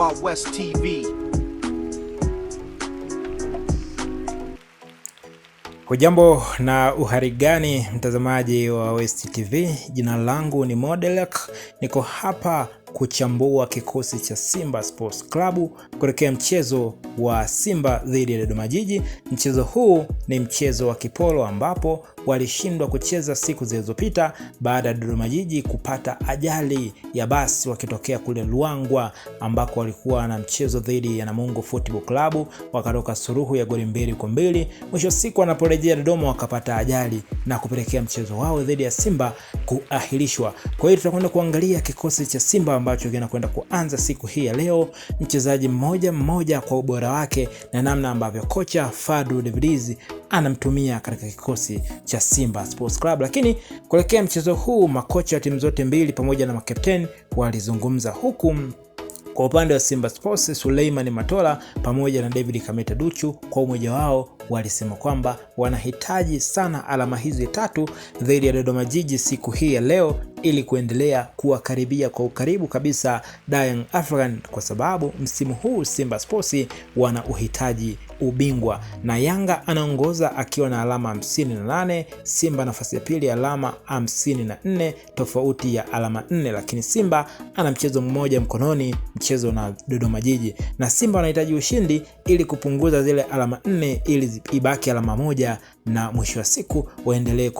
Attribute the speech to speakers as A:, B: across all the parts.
A: Wild West TV. Hujambo na uharigani mtazamaji wa West TV. Jina langu ni Modelek, niko hapa kuchambua kikosi cha Simba Sports Club kuelekea mchezo wa Simba dhidi ya Dodoma Jiji. Mchezo huu ni mchezo wa kipolo ambapo walishindwa kucheza siku zilizopita baada ya Dodoma Jiji kupata ajali ya basi wakitokea kule Luangwa ambako walikuwa na mchezo dhidi ya Namungo Football Club, wakatoka suruhu ya goli mbili kwa mbili. Mwisho siku wanaporejea Dodoma wakapata ajali na kupelekea mchezo wao dhidi ya Simba kuahirishwa. Kwa hiyo tutakwenda kuangalia kikosi cha Simba ambacho kinakwenda kuanza siku hii ya leo, mchezaji mmoja mmoja kwa ubora wake na namna ambavyo kocha Fadlu Davids anamtumia katika kikosi cha Simba Sports Club. Lakini kuelekea mchezo huu, makocha wa timu zote mbili pamoja na makapteni walizungumza huku kwa upande wa Simba Sports, Suleiman Matola pamoja na David Kameta Duchu kwa umoja wao walisema kwamba wanahitaji sana alama hizi tatu dhidi ya Dodoma Jiji siku hii ya leo ili kuendelea kuwakaribia kwa ukaribu kabisa Young African, kwa sababu msimu huu Simba Sports wana uhitaji ubingwa na Yanga anaongoza akiwa na alama 58, Simba nafasi ya pili alama 54, tofauti ya alama 4, lakini Simba ana mchezo mmoja mkononi, mchezo na Dodoma Jiji, na Simba wanahitaji ushindi ili kupunguza zile alama 4 ili ibaki alama moja, na mwisho wa siku waendelee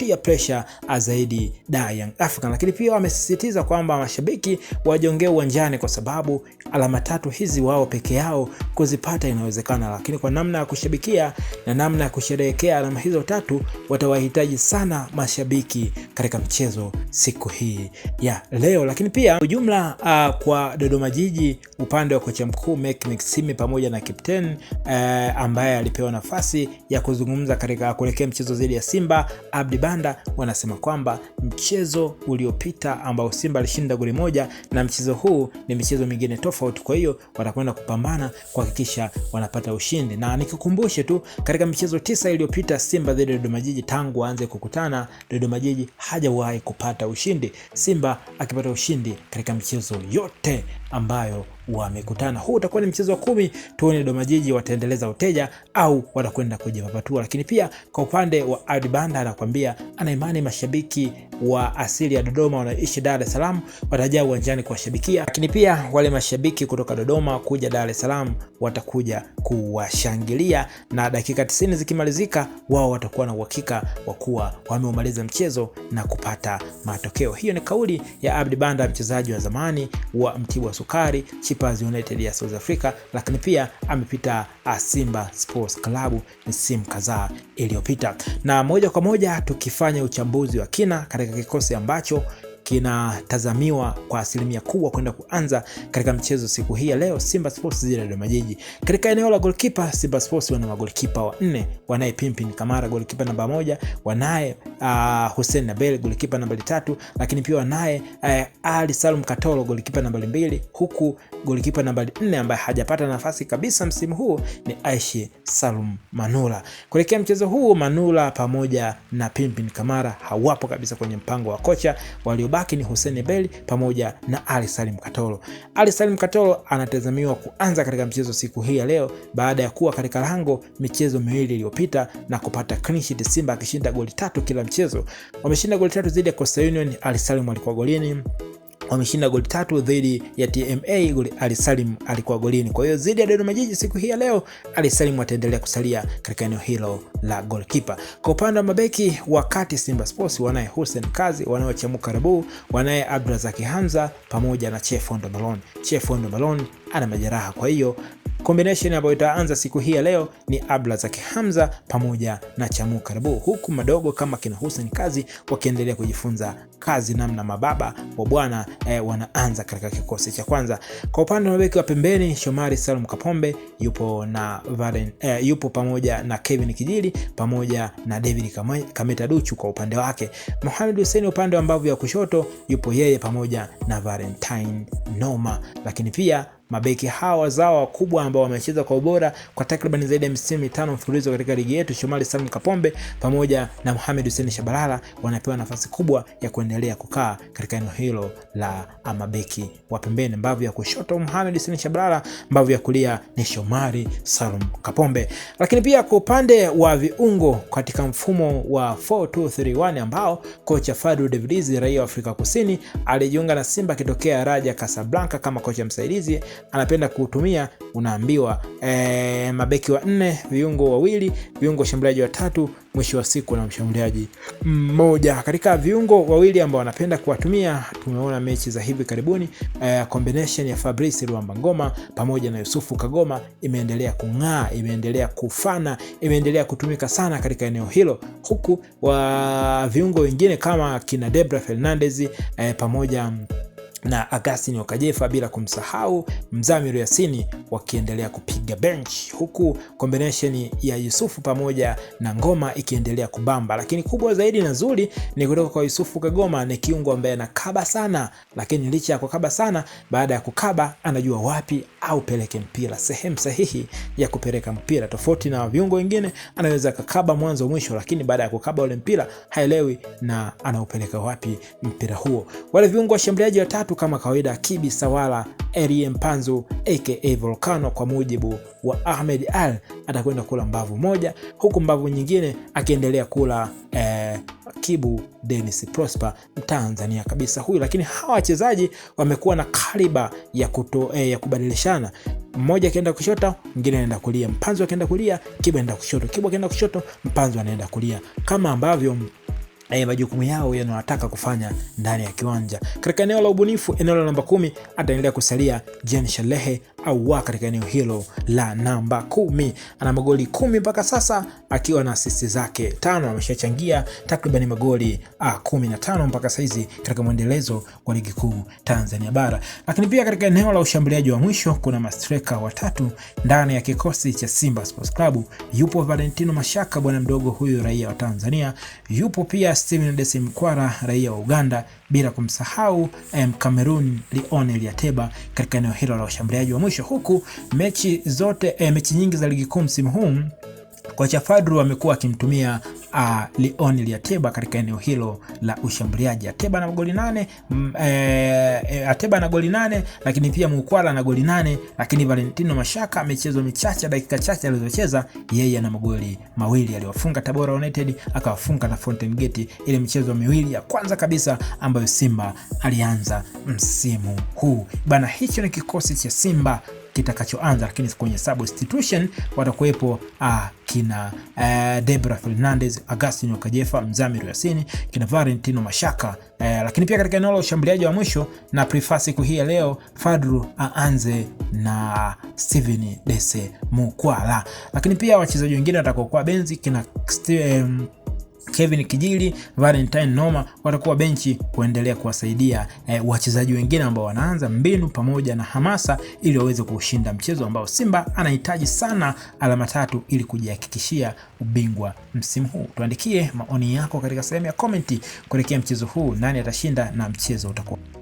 A: kumtia presha ah, zaidi da Young African, lakini pia wamesisitiza kwamba mashabiki wajongee uwanjani kwa sababu alama tatu hizi wao peke yao kuzipata inawezekana, lakini kwa namna ya kushabikia na namna ya kusherehekea alama hizo tatu watawahitaji sana mashabiki katika mchezo siku hii ya leo. Lakini pia ujumla uh, kwa Dodoma Jiji upande wa kocha mkuu Mike Maxime pamoja na captain uh, ambaye alipewa nafasi ya kuzungumza katika kuelekea mchezo dhidi ya Simba Abdi Uganda wanasema kwamba mchezo uliopita ambao Simba alishinda goli moja na mchezo huu ni michezo mingine tofauti, kwa hiyo watakwenda kupambana kuhakikisha wanapata ushindi. Na nikikumbushe tu katika michezo tisa iliyopita Simba dhidi ya Dodoma Jiji, tangu waanze kukutana Dodoma Jiji hajawahi kupata ushindi, Simba akipata ushindi katika michezo yote ambayo wamekutana. Huu utakuwa ni mchezo wa kumi. Tuone Dodoma Jiji wataendeleza uteja au watakwenda kujipapatua. Lakini pia kwa upande wa Adi Banda anakuambia ana imani mashabiki wa asili ya Dodoma wanaoishi Dar es Salaam watajaa uwanjani kuwashabikia, lakini pia wale mashabiki kutoka Dodoma kuja Dar es Salaam watakuja kuwashangilia, na dakika 90 zikimalizika, wao watakuwa na uhakika wa kuwa wameumaliza mchezo na kupata matokeo. Hiyo ni kauli ya Abdi Banda, mchezaji wa zamani wa Mtibwa sukari Chippers United ya South Africa, lakini pia amepita ah, Simba Sports Club msimu kadhaa iliyopita, na moja kwa moja tukifanya uchambuzi wa kina katika kikosi ambacho kinatazamiwa kwa asilimia kubwa kwenda kuanza katika mchezo siku hii ya leo, Simba Sports dhidi ya Dodoma Jiji. Katika eneo la goalkeeper, Simba Sports wana magolkipa wanne, wanaye Pimpin Kamara golkipa namba moja, wanaye uh, Hussein Nabel golkipa namba tatu, lakini pia wanaye uh, Ali Salum Katolo golkipa namba mbili, huku golkipa namba nne ambaye hajapata nafasi kabisa msimu huu ni Aishi Salum Manula. Kuelekea mchezo huu, Manula pamoja na Pimpin Kamara hawapo kabisa kwenye mpango wa kocha waliobaki wake ni Hussein Beli pamoja na Ali Salim Katoro. Ali Salim Katoro anatazamiwa kuanza katika mchezo siku hii ya leo baada ya kuwa katika lango michezo miwili iliyopita na kupata clean sheet, Simba akishinda goli tatu kila mchezo. Wameshinda goli tatu dhidi ya Coastal Union, Ali Salim alikuwa golini wameshinda goli tatu dhidi ya TMA. Goli Ali Salim alikuwa golini. Kwa hiyo dhidi ya Dodoma Jiji siku hii ya leo, Ali Salim ataendelea kusalia katika eneo hilo la goalkeeper. Kwa upande wa mabeki, wakati Simba Sports wanaye Hussein Kazi, wanaye Chamuka Rabu, wanaye Abdrazaki Hamza pamoja na Chefondo Balon. Chefondo Balon ana majeraha, kwa hiyo Combination ambayo itaanza siku hii ya leo ni abla za Kihamza pamoja na Chamu Karibu, huku madogo kama kina Hussein Kazi wakiendelea kujifunza kazi namna mababa wa bwana eh, wanaanza katika kikosi cha kwanza. Kwa upande wa beki wa pembeni Shomari Salum Kapombe yupo na Varen, eh, yupo pamoja na Kevin Kijili pamoja na David Kameta Duchu kwa upande wake. Mohamed Hussein upande wa mbavu ya kushoto yupo yeye pamoja na Valentine Noma, lakini pia Mabeki hawa wazawa wakubwa ambao wamecheza kwa ubora kwa takriban zaidi ya misimu mitano mfululizo katika ligi yetu, Shomari Salum Kapombe pamoja na Mohamed Hussein Shabalala wanapewa nafasi kubwa ya kuendelea kukaa katika eneo hilo la mabeki wa pembeni. Mbavu ya kushoto Mohamed Hussein Shabalala, mbavu ya kulia ni Shomari Salum Kapombe. Lakini pia kwa upande wa viungo katika mfumo wa 4231 ambao kocha Fadlu Davids raia wa Afrika Kusini alijiunga na Simba akitokea Raja Casablanca kama kocha msaidizi anapenda kuutumia, unaambiwa e, mabeki wa nne, viungo wawili, viungo washambuliaji watatu, mwisho wa siku na mshambuliaji mmoja. Katika viungo wawili ambao wanapenda kuwatumia, tumeona mechi za hivi karibuni e, combination ya Fabrice Luamba Ngoma pamoja na Yusufu Kagoma imeendelea kung'aa, imeendelea kufana, imeendelea kutumika sana katika eneo hilo, huku wa viungo wengine kama kina Debra Fernandez e, pamoja na Agustin Okajefa bila kumsahau Mzamiru Yasini wakiendelea kupiga bench, huku combination ya Yusufu pamoja na Ngoma ikiendelea kubamba. Lakini kubwa zaidi na zuri ni kutoka kwa Yusufu Kagoma, ni kiungo ambaye anakaba sana, lakini licha ya kukaba sana, baada ya kukaba anajua wapi au peleke mpira sehemu sahihi ya kupeleka mpira, tofauti na viungo wengine, anaweza kakaba mwanzo mwisho, lakini baada ya kukaba ule mpira haelewi na anaupeleka wapi mpira huo. Wale viungo washambuliaji watatu tu kama kawaida Kibi Sawala Elie Mpanzu aka Volcano, kwa mujibu wa Ahmed Al, atakwenda kula mbavu moja, huku mbavu nyingine akiendelea kula eh, Kibu Dennis Prosper, Mtanzania kabisa huyu. Lakini hawa wachezaji wamekuwa na kaliba ya, kuto, eh, ya kubadilishana mmoja akienda kushoto mwingine anaenda kulia. Mpanzu akienda kulia, Kibu anaenda kushoto. Kibu akienda kushoto, Mpanzu anaenda kulia, kama ambavyo E, majukumu yao yanayotaka kufanya ndani ya kiwanja. Katika eneo la ubunifu, eneo la namba kumi, ataendelea kusalia Jean Shalehe Aua katika eneo hilo la namba kumi. Ana magoli kumi mpaka sasa akiwa na asisti zake tano. Ameshachangia takriban magoli ah, kumi na tano mpaka saizi katika mwendelezo wa ligi kuu Tanzania Bara. Lakini pia katika eneo la ushambuliaji wa mwisho kuna mastreka watatu ndani ya kikosi cha Simba Sports Club. Yupo Valentino Mashaka, bwana mdogo huyu raia wa Tanzania, yupo pia Steven Desi Mkwara raia wa Uganda, bila kumsahau Cameroon Leon Liateba katika eneo hilo la ushambuliaji wa mwisho mwisho, huku mechi zote eh, mechi nyingi za ligi kuu msimu huu Kocha Fadru amekuwa akimtumia uh, Leon Liateba katika eneo hilo la ushambuliaji. Ateba na goli nane, m, mm, e, eh, eh, Ateba na goli nane, lakini pia Mukwala na goli nane, lakini Valentino Mashaka michezo michache, dakika chache alizocheza yeye ana magoli mawili aliyofunga Tabora United, akawafunga na Fountain Gate, ile michezo miwili ya kwanza kabisa ambayo Simba alianza msimu huu bana. Hicho ni kikosi cha Simba kitakachoanza, lakini kwenye substitution watakuwepo uh, kina uh, eh, Debra Fernandez, Agustin wakajefa Mzamiru Yasini, kina Valentino Mashaka uh, lakini pia katika eneo la ushambuliaji wa mwisho na prefa siku hii ya leo Fadru aanze na Steven Dese Mukwala, lakini pia wachezaji wengine watakokuwa benzi kina um, Kevin Kijili, Valentine Noma watakuwa benchi kuendelea kuwasaidia e, wachezaji wengine ambao wanaanza mbinu pamoja na hamasa ili waweze kushinda mchezo ambao Simba anahitaji sana alama tatu ili kujihakikishia ubingwa msimu huu. Tuandikie maoni yako katika sehemu ya komenti kuelekea mchezo huu, nani atashinda na mchezo utakuwa